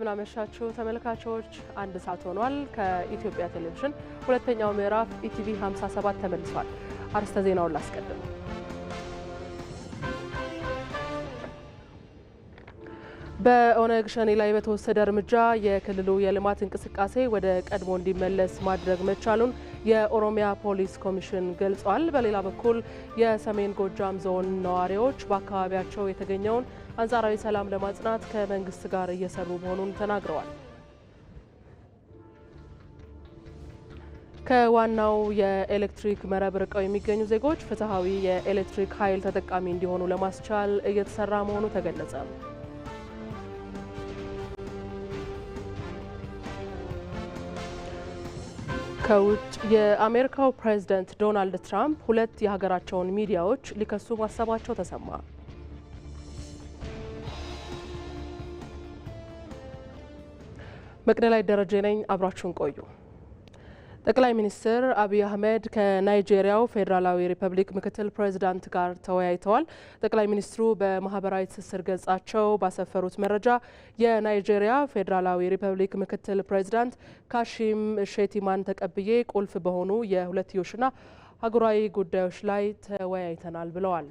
እንደምናመሻችሁ ተመልካቾች፣ አንድ ሰዓት ሆኗል። ከኢትዮጵያ ቴሌቪዥን ሁለተኛው ምዕራፍ ኢቲቪ 57 ተመልሷል። አርስተ ዜናውን ላስቀድም። በኦነግ ሸኔ ላይ በተወሰደ እርምጃ የክልሉ የልማት እንቅስቃሴ ወደ ቀድሞ እንዲመለስ ማድረግ መቻሉን የኦሮሚያ ፖሊስ ኮሚሽን ገልጿል። በሌላ በኩል የሰሜን ጎጃም ዞን ነዋሪዎች በአካባቢያቸው የተገኘውን አንጻራዊ ሰላም ለማጽናት ከመንግስት ጋር እየሰሩ መሆኑን ተናግረዋል። ከዋናው የኤሌክትሪክ መረብ ርቀው የሚገኙ ዜጎች ፍትሐዊ የኤሌክትሪክ ኃይል ተጠቃሚ እንዲሆኑ ለማስቻል እየተሰራ መሆኑ ተገለጸ። ከውጭ የአሜሪካው ፕሬዝደንት ዶናልድ ትራምፕ ሁለት የሀገራቸውን ሚዲያዎች ሊከሱ ማሰባቸው ተሰማ። መቅደላይ ደረጀ ነኝ። አብራችሁን ቆዩ። ጠቅላይ ሚኒስትር አብይ አህመድ ከናይጄሪያው ፌዴራላዊ ሪፐብሊክ ምክትል ፕሬዚዳንት ጋር ተወያይተዋል። ጠቅላይ ሚኒስትሩ በማህበራዊ ትስስር ገጻቸው ባሰፈሩት መረጃ የናይጄሪያ ፌዴራላዊ ሪፐብሊክ ምክትል ፕሬዚዳንት ካሺም ሼቲማን ተቀብዬ ቁልፍ በሆኑ የሁለትዮሽና ሀገራዊ ጉዳዮች ላይ ተወያይተናል ብለዋል።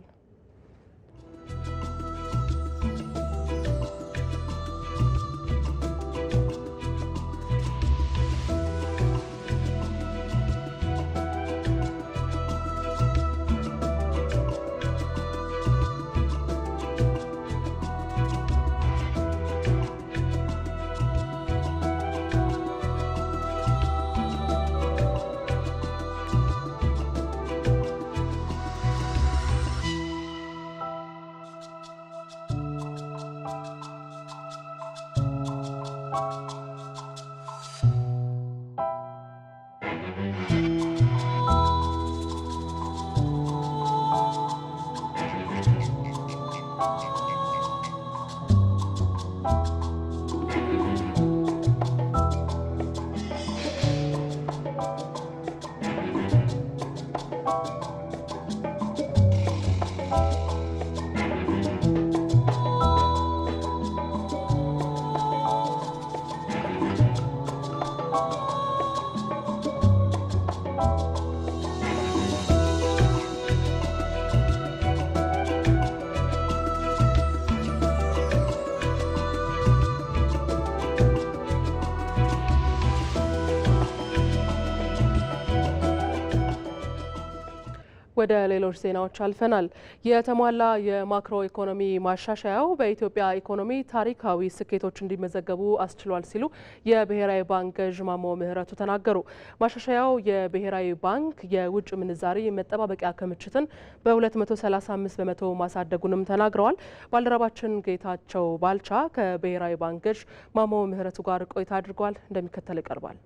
ወደ ሌሎች ዜናዎች አልፈናል። የተሟላ የማክሮ ኢኮኖሚ ማሻሻያው በኢትዮጵያ ኢኮኖሚ ታሪካዊ ስኬቶች እንዲመዘገቡ አስችሏል ሲሉ የብሔራዊ ባንክ ገዥ ማሞ ምህረቱ ተናገሩ። ማሻሻያው የብሔራዊ ባንክ የውጭ ምንዛሪ መጠባበቂያ ክምችትን በ235 በመቶ ማሳደጉንም ተናግረዋል። ባልደረባችን ጌታቸው ባልቻ ከብሔራዊ ባንክ ገዥ ማሞ ምህረቱ ጋር ቆይታ አድርጓል፣ እንደሚከተል ይቀርባል።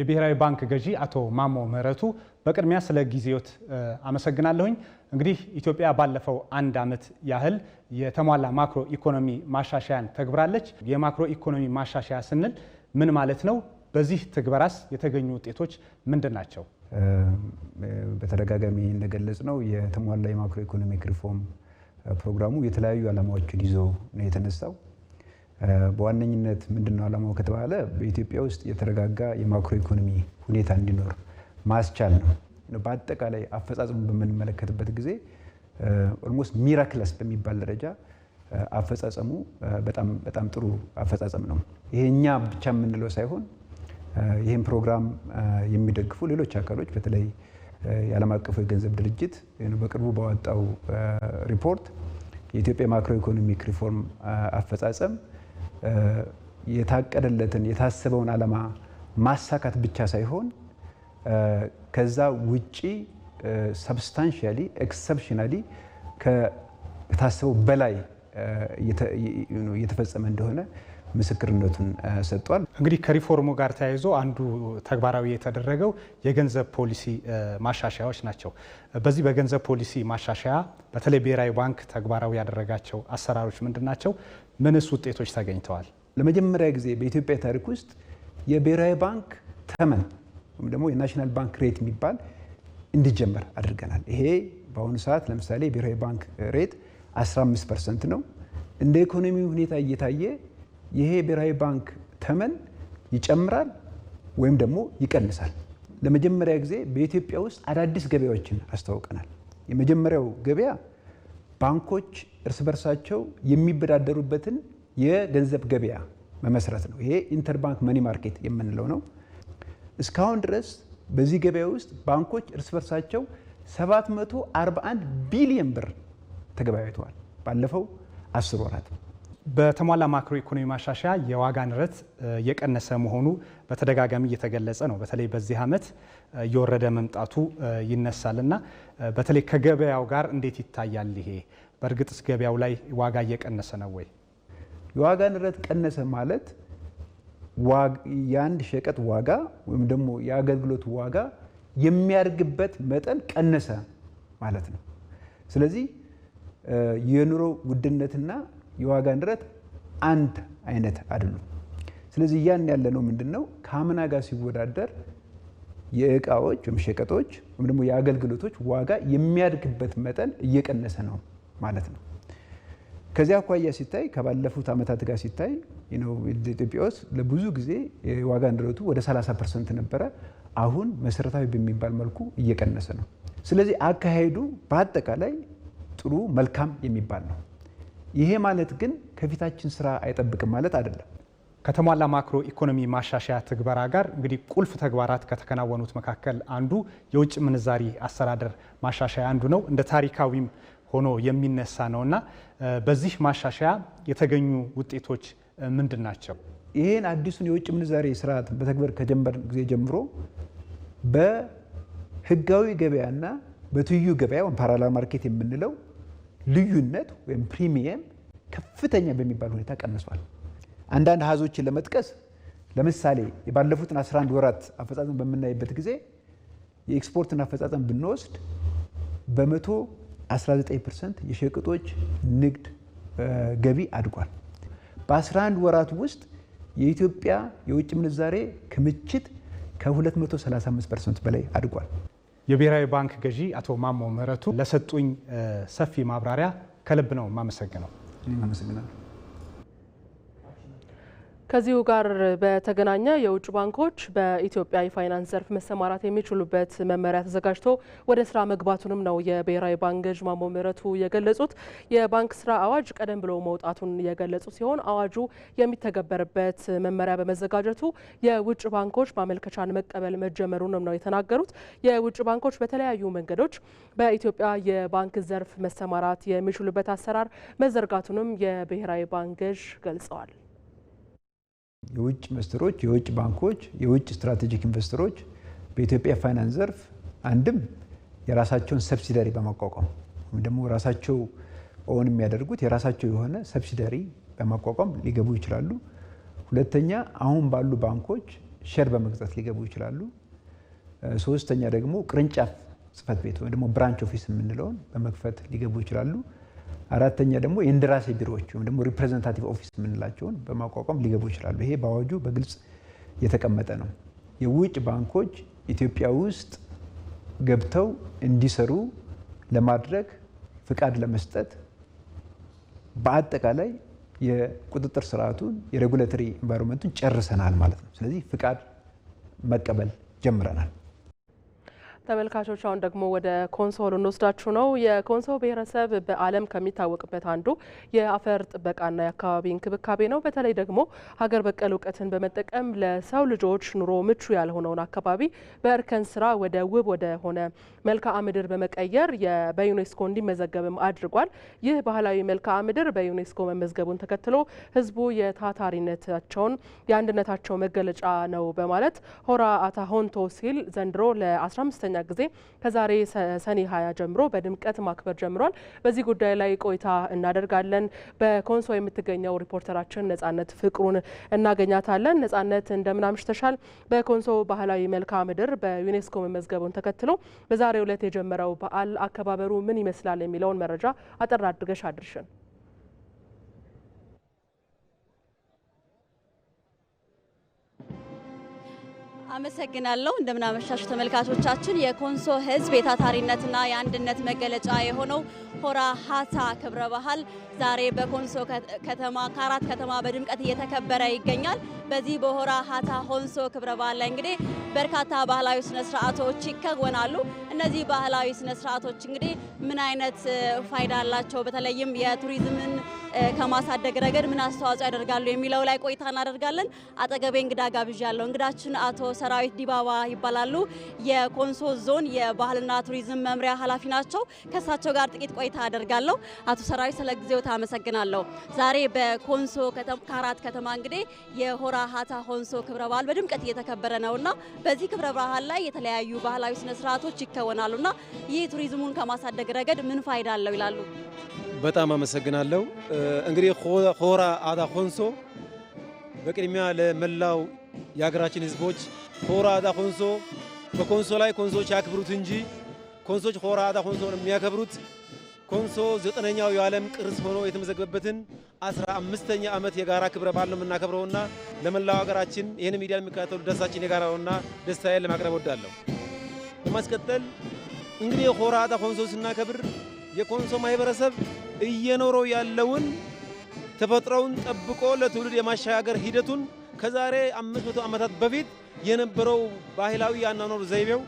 የብሔራዊ ባንክ ገዢ አቶ ማሞ ምህረቱ፣ በቅድሚያ ስለ ጊዜዎት አመሰግናለሁኝ። እንግዲህ ኢትዮጵያ ባለፈው አንድ ዓመት ያህል የተሟላ ማክሮ ኢኮኖሚ ማሻሻያን ተግብራለች። የማክሮ ኢኮኖሚ ማሻሻያ ስንል ምን ማለት ነው? በዚህ ትግበራስ የተገኙ ውጤቶች ምንድን ናቸው? በተደጋጋሚ እንደገለጽ ነው የተሟላ የማክሮ ኢኮኖሚክ ሪፎርም ፕሮግራሙ የተለያዩ ዓላማዎችን ይዞ ነው የተነሳው። በዋነኝነት ምንድነው አላማው ከተባለ በኢትዮጵያ ውስጥ የተረጋጋ የማክሮ ኢኮኖሚ ሁኔታ እንዲኖር ማስቻል ነው። በአጠቃላይ አፈጻጸሙ በምንመለከትበት ጊዜ ኦልሞስት ሚራክለስ በሚባል ደረጃ አፈጻጸሙ በጣም በጣም ጥሩ አፈጻጸም ነው። ይሄ እኛ ብቻ የምንለው ሳይሆን ይህን ፕሮግራም የሚደግፉ ሌሎች አካሎች በተለይ የዓለም አቀፉ የገንዘብ ድርጅት በቅርቡ ባወጣው ሪፖርት የኢትዮጵያ ማክሮ ኢኮኖሚክ ሪፎርም አፈጻጸም የታቀደለትን የታሰበውን ዓላማ ማሳካት ብቻ ሳይሆን ከዛ ውጪ ሰብስታንሽሊ ኤክሰፕሽናሊ ከታሰበው በላይ እየተፈጸመ እንደሆነ ምስክርነቱን ሰጥቷል። እንግዲህ ከሪፎርሙ ጋር ተያይዞ አንዱ ተግባራዊ የተደረገው የገንዘብ ፖሊሲ ማሻሻያዎች ናቸው። በዚህ በገንዘብ ፖሊሲ ማሻሻያ በተለይ ብሔራዊ ባንክ ተግባራዊ ያደረጋቸው አሰራሮች ምንድን ናቸው? ምንስ ውጤቶች ተገኝተዋል? ለመጀመሪያ ጊዜ በኢትዮጵያ ታሪክ ውስጥ የብሔራዊ ባንክ ተመን ወይም ደግሞ የናሽናል ባንክ ሬት የሚባል እንዲጀመር አድርገናል። ይሄ በአሁኑ ሰዓት ለምሳሌ የብሔራዊ ባንክ ሬት 15 ፐርሰንት ነው። እንደ ኢኮኖሚ ሁኔታ እየታየ ይሄ ብሔራዊ ባንክ ተመን ይጨምራል ወይም ደግሞ ይቀንሳል። ለመጀመሪያ ጊዜ በኢትዮጵያ ውስጥ አዳዲስ ገበያዎችን አስተዋውቀናል። የመጀመሪያው ገበያ ባንኮች እርስ በርሳቸው የሚበዳደሩበትን የገንዘብ ገበያ መመስረት ነው። ይሄ ኢንተርባንክ መኒ ማርኬት የምንለው ነው። እስካሁን ድረስ በዚህ ገበያ ውስጥ ባንኮች እርስ በርሳቸው 741 ቢሊዮን ብር ተገበያይተዋል ባለፈው አስር ወራት በተሟላ ማክሮ ኢኮኖሚ ማሻሻያ የዋጋ ንረት እየቀነሰ መሆኑ በተደጋጋሚ እየተገለጸ ነው። በተለይ በዚህ ዓመት እየወረደ መምጣቱ ይነሳልና በተለይ ከገበያው ጋር እንዴት ይታያል ይሄ? በእርግጥስ ገበያው ላይ ዋጋ እየቀነሰ ነው ወይ? የዋጋ ንረት ቀነሰ ማለት የአንድ ሸቀጥ ዋጋ ወይም ደግሞ የአገልግሎት ዋጋ የሚያድግበት መጠን ቀነሰ ማለት ነው። ስለዚህ የኑሮ ውድነትና የዋጋ ንረት አንድ አይነት አይደሉም። ስለዚህ እያን ያለ ነው ምንድን ነው ከአምና ጋር ሲወዳደር የእቃዎች ወይም ሸቀጦች ወይም ደግሞ የአገልግሎቶች ዋጋ የሚያድግበት መጠን እየቀነሰ ነው ማለት ነው። ከዚያ አኳያ ሲታይ ከባለፉት ዓመታት ጋር ሲታይ ኢትዮጵያ ውስጥ ለብዙ ጊዜ የዋጋ ንረቱ ወደ 30 ፐርሰንት ነበረ። አሁን መሰረታዊ በሚባል መልኩ እየቀነሰ ነው። ስለዚህ አካሄዱ በአጠቃላይ ጥሩ መልካም የሚባል ነው። ይሄ ማለት ግን ከፊታችን ስራ አይጠብቅም ማለት አይደለም። ከተሟላ ማክሮ ኢኮኖሚ ማሻሻያ ትግበራ ጋር እንግዲህ ቁልፍ ተግባራት ከተከናወኑት መካከል አንዱ የውጭ ምንዛሪ አስተዳደር ማሻሻያ አንዱ ነው። እንደ ታሪካዊም ሆኖ የሚነሳ ነው እና በዚህ ማሻሻያ የተገኙ ውጤቶች ምንድን ናቸው? ይህን አዲሱን የውጭ ምንዛሬ ስርዓት በተግበር ከጀመር ጊዜ ጀምሮ በህጋዊ ገበያና በትዩ ገበያ ፓራላል ማርኬት የምንለው ልዩነት ወይም ፕሪሚየም ከፍተኛ በሚባል ሁኔታ ቀንሷል። አንዳንድ አሃዞችን ለመጥቀስ ለምሳሌ የባለፉትን 11 ወራት አፈጻጸም በምናይበት ጊዜ የኤክስፖርትን አፈጻጸም ብንወስድ በመቶ 19 ፐርሰንት የሸቀጦች ንግድ ገቢ አድጓል። በ11 ወራት ውስጥ የኢትዮጵያ የውጭ ምንዛሬ ክምችት ከ235 ፐርሰንት በላይ አድጓል። የብሔራዊ ባንክ ገዢ አቶ ማሞ ምህረቱ ለሰጡኝ ሰፊ ማብራሪያ ከልብ ነው የማመሰግነው። ከዚሁ ጋር በተገናኘ የውጭ ባንኮች በኢትዮጵያ የፋይናንስ ዘርፍ መሰማራት የሚችሉበት መመሪያ ተዘጋጅቶ ወደ ስራ መግባቱንም ነው የብሔራዊ ባንክ ገዥ ማሞ ምህረቱ የገለጹት። የባንክ ስራ አዋጅ ቀደም ብሎ መውጣቱን የገለጹ ሲሆን አዋጁ የሚተገበርበት መመሪያ በመዘጋጀቱ የውጭ ባንኮች ማመልከቻን መቀበል መጀመሩንም ነው የተናገሩት። የውጭ ባንኮች በተለያዩ መንገዶች በኢትዮጵያ የባንክ ዘርፍ መሰማራት የሚችሉበት አሰራር መዘርጋቱንም የብሔራዊ ባንክ ገዥ ገልጸዋል። የውጭ ኢንቨስተሮች፣ የውጭ ባንኮች፣ የውጭ ስትራቴጂክ ኢንቨስተሮች በኢትዮጵያ ፋይናንስ ዘርፍ አንድም የራሳቸውን ሰብሲደሪ በማቋቋም ወይም ደግሞ ራሳቸው ኦን የሚያደርጉት የራሳቸው የሆነ ሰብሲደሪ በማቋቋም ሊገቡ ይችላሉ። ሁለተኛ አሁን ባሉ ባንኮች ሼር በመግዛት ሊገቡ ይችላሉ። ሶስተኛ ደግሞ ቅርንጫፍ ጽህፈት ቤት ወይም ደግሞ ብራንች ኦፊስ የምንለውን በመክፈት ሊገቡ ይችላሉ። አራተኛ ደግሞ የእንደራሴ ቢሮዎች ወይም ደግሞ ሪፕሬዘንታቲቭ ኦፊስ የምንላቸውን በማቋቋም ሊገቡ ይችላሉ። ይሄ በአዋጁ በግልጽ የተቀመጠ ነው። የውጭ ባንኮች ኢትዮጵያ ውስጥ ገብተው እንዲሰሩ ለማድረግ ፍቃድ ለመስጠት በአጠቃላይ የቁጥጥር ስርዓቱን የሬጉላተሪ ኤንቫይሮንመንቱን ጨርሰናል ማለት ነው። ስለዚህ ፍቃድ መቀበል ጀምረናል። ተመልካቾች አሁን ደግሞ ወደ ኮንሶ ልንወስዳችሁ ነው። የኮንሶ ብሔረሰብ በዓለም ከሚታወቅበት አንዱ የአፈር ጥበቃና የአካባቢ እንክብካቤ ነው። በተለይ ደግሞ ሀገር በቀል እውቀትን በመጠቀም ለሰው ልጆች ኑሮ ምቹ ያልሆነውን አካባቢ በእርከን ስራ ወደ ውብ ወደ ሆነ መልክዓ ምድር በመቀየር በዩኔስኮ እንዲመዘገብም አድርጓል። ይህ ባህላዊ መልክዓ ምድር በዩኔስኮ መመዝገቡን ተከትሎ ህዝቡ የታታሪነታቸውን የአንድነታቸው መገለጫ ነው በማለት ሆራ አታሆንቶ ሲል ዘንድሮ ለ15 ለሁለተኛ ጊዜ ከዛሬ ሰኔ ሀያ ጀምሮ በድምቀት ማክበር ጀምሯል። በዚህ ጉዳይ ላይ ቆይታ እናደርጋለን። በኮንሶ የምትገኘው ሪፖርተራችን ነጻነት ፍቅሩን እናገኛታለን። ነጻነት እንደምን አምሽተሻል? በኮንሶ ባህላዊ መልክዓ ምድር በዩኔስኮ መመዝገቡን ተከትሎ በዛሬው ዕለት የጀመረው በዓል አከባበሩ ምን ይመስላል የሚለውን መረጃ አጠር አድርገሽ አድርሽን። አመሰግናለሁ። እንደምናመሻችሁ ተመልካቾቻችን። የኮንሶ ህዝብ የታታሪነትና የአንድነት መገለጫ የሆነው ሆራ ሀታ ክብረ በዓል ዛሬ በኮንሶ ከተማ ከአራት ከተማ በድምቀት እየተከበረ ይገኛል። በዚህ በሆራ ሀታ ሆንሶ ክብረ ባህል ላይ እንግዲህ በርካታ ባህላዊ ስነስርዓቶች ይከወናሉ። እነዚህ ባህላዊ ስነስርዓቶች እንግዲህ ምን አይነት ፋይዳ አላቸው? በተለይም የቱሪዝምን ከማሳደግ ረገድ ምን አስተዋጽኦ ያደርጋሉ የሚለው ላይ ቆይታ እናደርጋለን። አጠገቤ እንግዳ ጋብዣ እንግዳችን አቶ ሰራዊት ዲባባ ይባላሉ። የኮንሶ ዞን የባህልና ቱሪዝም መምሪያ ኃላፊ ናቸው። ከእሳቸው ጋር ጥቂት ቆይታ አደርጋለሁ። አቶ ሰራዊት ስለ ጊዜው ታመሰግናለሁ። ዛሬ በኮንሶ ከአራት ከተማ እንግዲህ የሆራ ሀታ ሆንሶ ክብረ በዓል በድምቀት እየተከበረ ነውና በዚህ ክብረ በዓል ላይ የተለያዩ ባህላዊ ስነስርዓቶች ይከወናሉ እና ይህ ቱሪዝሙን ከማሳደግ ረገድ ምን ፋይዳ አለው ይላሉ? በጣም አመሰግናለሁ። እንግዲህ ሆራ አዳ ኮንሶ በቅድሚያ ለመላው የሀገራችን ህዝቦች ሆራ አዳ ኮንሶ በኮንሶ ላይ ኮንሶች ያክብሩት እንጂ ኮንሶች ሆራ አዳ ኮንሶ ነው የሚያከብሩት። ኮንሶ ዘጠነኛው የዓለም ቅርስ ሆኖ የተመዘገበበትን አስራ አምስተኛ ዓመት የጋራ ክብረ በዓል ነው የምናከብረውና ለመላው ሀገራችን ይህን ሚዲያ የሚከታተሉ ደስታችን የጋራ ነውና ደስታዬን ለማቅረብ ወዳለሁ። በማስቀጠል እንግዲህ ሆራ አዳ ኮንሶ ስናከብር የኮንሶ ማህበረሰብ እየኖረው ያለውን ተፈጥሮውን ጠብቆ ለትውልድ የማሸጋገር ሂደቱን ከዛሬ አምስት መቶ ዓመታት በፊት የነበረው ባህላዊ የአኗኗር ዘይቤው፣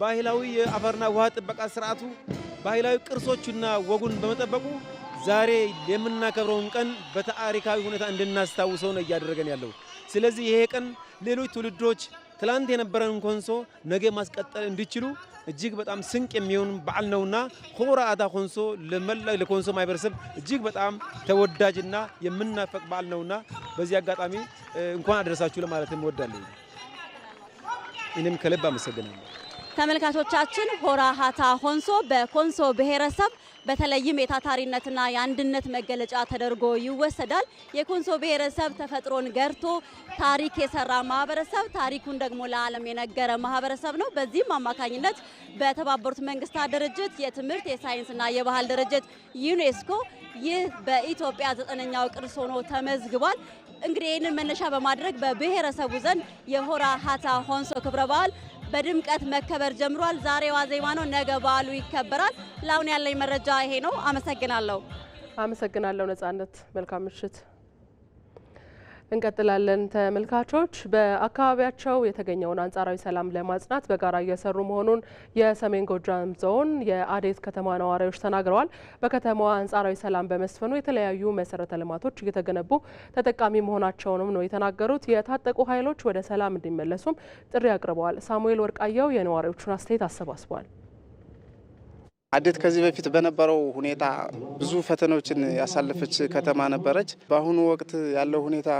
ባህላዊ የአፈርና ውሃ ጥበቃ ስርዓቱ፣ ባህላዊ ቅርሶቹና ወጉን በመጠበቁ ዛሬ የምናከብረውን ቀን በታሪካዊ ሁኔታ እንድናስታውሰው ነው እያደረገን ያለው። ስለዚህ ይሄ ቀን ሌሎች ትውልዶች ትላንት የነበረን ኮንሶ ነገ ማስቀጠል እንዲችሉ እጅግ በጣም ስንቅ የሚሆን በዓል ነውና ሆራ አታ ኮንሶ ለኮንሶ ማህበረሰብ እጅግ በጣም ተወዳጅና የምናፈቅ በዓል ነውና በዚህ አጋጣሚ እንኳን አደረሳችሁ ለማለት እንወዳለን። እኔም ከልብ አመሰግናለሁ። ተመልካቾቻችን ሆራ ሀታ ሆንሶ በኮንሶ ብሔረሰብ በተለይም የታታሪነትና የአንድነት መገለጫ ተደርጎ ይወሰዳል። የኮንሶ ብሔረሰብ ተፈጥሮን ገርቶ ታሪክ የሰራ ማህበረሰብ፣ ታሪኩን ደግሞ ለዓለም የነገረ ማህበረሰብ ነው። በዚህም አማካኝነት በተባበሩት መንግስታት ድርጅት የትምህርት የሳይንስና የባህል ድርጅት ዩኔስኮ ይህ በኢትዮጵያ ዘጠነኛው ቅርስ ሆኖ ተመዝግቧል። እንግዲህ ይህንን መነሻ በማድረግ በብሔረሰቡ ዘንድ የሆራ ሀታ ሆንሶ ክብረ በዓል በድምቀት መከበር ጀምሯል። ዛሬ ዋዜማ ነው፣ ነገ በዓሉ ይከበራል። ለአሁን ያለኝ መረጃ ይሄ ነው። አመሰግናለሁ። አመሰግናለሁ ነጻነት። መልካም ምሽት። እንቀጥላለን ተመልካቾች። በአካባቢያቸው የተገኘውን አንጻራዊ ሰላም ለማጽናት በጋራ እየሰሩ መሆኑን የሰሜን ጎጃም ዞን የአዴት ከተማ ነዋሪዎች ተናግረዋል። በከተማዋ አንጻራዊ ሰላም በመስፈኑ የተለያዩ መሰረተ ልማቶች እየተገነቡ ተጠቃሚ መሆናቸውንም ነው የተናገሩት። የታጠቁ ኃይሎች ወደ ሰላም እንዲመለሱም ጥሪ አቅርበዋል። ሳሙኤል ወርቃየው የነዋሪዎቹን አስተያየት አሰባስቧል። አዴት ከዚህ በፊት በነበረው ሁኔታ ብዙ ፈተናዎችን ያሳለፈች ከተማ ነበረች። በአሁኑ ወቅት ያለው ሁኔታ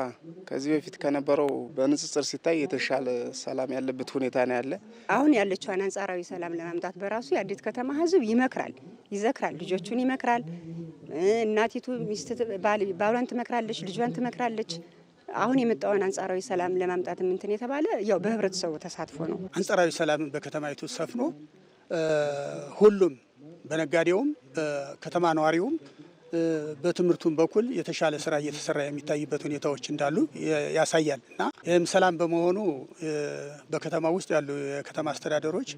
ከዚህ በፊት ከነበረው በንጽጽር ሲታይ የተሻለ ሰላም ያለበት ሁኔታ ነው ያለ። አሁን ያለችዋን አንጻራዊ ሰላም ለማምጣት በራሱ የአዴት ከተማ ሕዝብ ይመክራል፣ ይዘክራል፣ ልጆቹን ይመክራል። እናቲቱ ሚስት ባሏን ትመክራለች፣ ልጇን ትመክራለች። አሁን የመጣውን አንጻራዊ ሰላም ለማምጣት ምንትን የተባለ ያው በህብረተሰቡ ተሳትፎ ነው። አንጻራዊ ሰላም በከተማይቱ ሰፍኖ ሁሉም በነጋዴውም በከተማ ነዋሪውም በትምህርቱም በኩል የተሻለ ስራ እየተሰራ የሚታይበት ሁኔታዎች እንዳሉ ያሳያል እና ይህም ሰላም በመሆኑ በከተማ ውስጥ ያሉ የከተማ አስተዳደሮች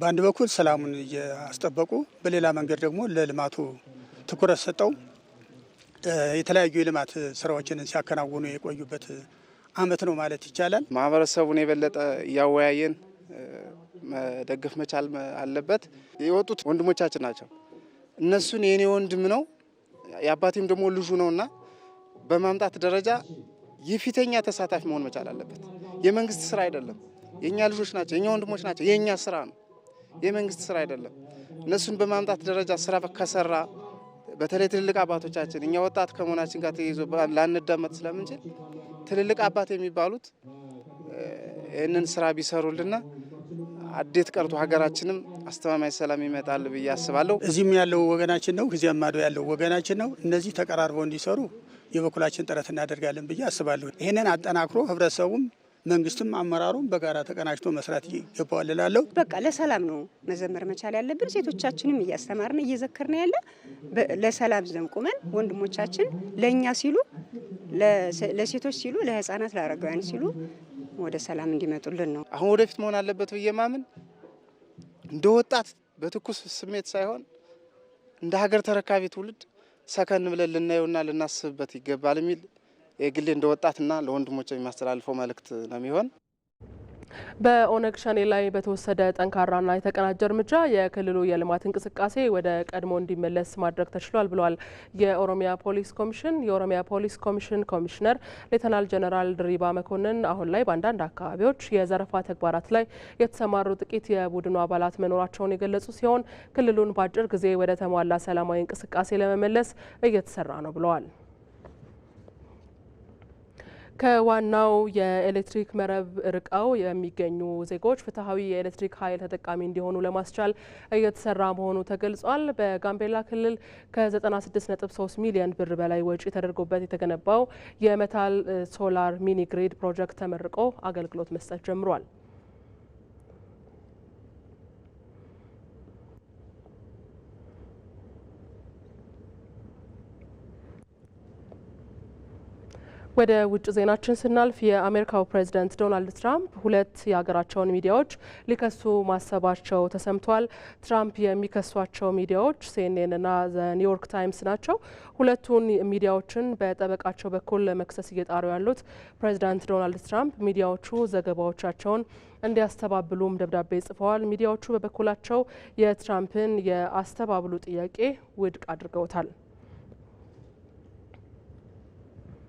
በአንድ በኩል ሰላሙን እያስጠበቁ፣ በሌላ መንገድ ደግሞ ለልማቱ ትኩረት ሰጠው የተለያዩ የልማት ስራዎችን ሲያከናውኑ የቆዩበት አመት ነው ማለት ይቻላል። ማህበረሰቡን የበለጠ እያወያየን መደገፍ መቻል አለበት። የወጡት ወንድሞቻችን ናቸው። እነሱን የእኔ ወንድም ነው የአባቴም ደግሞ ልጁ ነው እና በማምጣት ደረጃ የፊተኛ ተሳታፊ መሆን መቻል አለበት። የመንግስት ስራ አይደለም። የእኛ ልጆች ናቸው፣ የእኛ ወንድሞች ናቸው። የእኛ ስራ ነው፣ የመንግስት ስራ አይደለም። እነሱን በማምጣት ደረጃ ስራ ከሰራ በተለይ ትልልቅ አባቶቻችን እኛ ወጣት ከመሆናችን ጋር ተይዞ ላንዳመጥ ስለምንችል ትልልቅ አባት የሚባሉት ይህንን ስራ ቢሰሩልና አዴት ቀርቶ ሀገራችንም አስተማማኝ ሰላም ይመጣል ብዬ አስባለሁ። እዚህም ያለው ወገናችን ነው፣ ጊዜ ማዶ ያለው ወገናችን ነው። እነዚህ ተቀራርበው እንዲሰሩ የበኩላችን ጥረት እናደርጋለን ብዬ አስባለሁ። ይህንን አጠናክሮ ህብረተሰቡም መንግስትም አመራሩም በጋራ ተቀናጅቶ መስራት ይገባዋል እላለሁ። በቃ ለሰላም ነው መዘመር መቻል ያለብን። ሴቶቻችንም እያስተማርን እየዘከርን ያለ ለሰላም ዘም ቁመን ወንድሞቻችን ለእኛ ሲሉ ለሴቶች ሲሉ ለህፃናት፣ ለአረጋውያን ሲሉ ወደ ሰላም እንዲመጡልን ነው። አሁን ወደፊት መሆን አለበት ብዬ ማምን እንደ ወጣት በትኩስ ስሜት ሳይሆን እንደ ሀገር ተረካቢ ትውልድ ሰከን ብለን ልናየውና ልናስብበት ይገባል የሚል የግሌ እንደ ወጣትና ለወንድሞች የሚያስተላልፈው መልእክት ነው የሚሆን። በኦነግ ሸኔ ላይ በተወሰደ ጠንካራና የተቀናጀ እርምጃ የክልሉ የልማት እንቅስቃሴ ወደ ቀድሞ እንዲመለስ ማድረግ ተችሏል ብለዋል የኦሮሚያ ፖሊስ ኮሚሽን የኦሮሚያ ፖሊስ ኮሚሽን ኮሚሽነር ሌተናል ጀነራል ድሪባ መኮንን። አሁን ላይ በአንዳንድ አካባቢዎች የዘረፋ ተግባራት ላይ የተሰማሩ ጥቂት የቡድኑ አባላት መኖራቸውን የገለጹ ሲሆን ክልሉን በአጭር ጊዜ ወደ ተሟላ ሰላማዊ እንቅስቃሴ ለመመለስ እየተሰራ ነው ብለዋል። ከዋናው የኤሌክትሪክ መረብ ርቀው የሚገኙ ዜጎች ፍትሐዊ የኤሌክትሪክ ኃይል ተጠቃሚ እንዲሆኑ ለማስቻል እየተሰራ መሆኑ ተገልጿል። በጋምቤላ ክልል ከ96.3 ሚሊዮን ብር በላይ ወጪ ተደርጎበት የተገነባው የመታል ሶላር ሚኒ ግሪድ ፕሮጀክት ተመርቆ አገልግሎት መስጠት ጀምሯል። ወደ ውጭ ዜናችን ስናልፍ የአሜሪካው ፕሬዚደንት ዶናልድ ትራምፕ ሁለት የሀገራቸውን ሚዲያዎች ሊከሱ ማሰባቸው ተሰምቷል። ትራምፕ የሚከሷቸው ሚዲያዎች ሲኤንኤንና ኒውዮርክ ታይምስ ናቸው። ሁለቱን ሚዲያዎችን በጠበቃቸው በኩል ለመክሰስ እየጣሩ ያሉት ፕሬዚዳንት ዶናልድ ትራምፕ ሚዲያዎቹ ዘገባዎቻቸውን እንዲያስተባብሉም ደብዳቤ ጽፈዋል። ሚዲያዎቹ በበኩላቸው የትራምፕን የአስተባብሉ ጥያቄ ውድቅ አድርገውታል።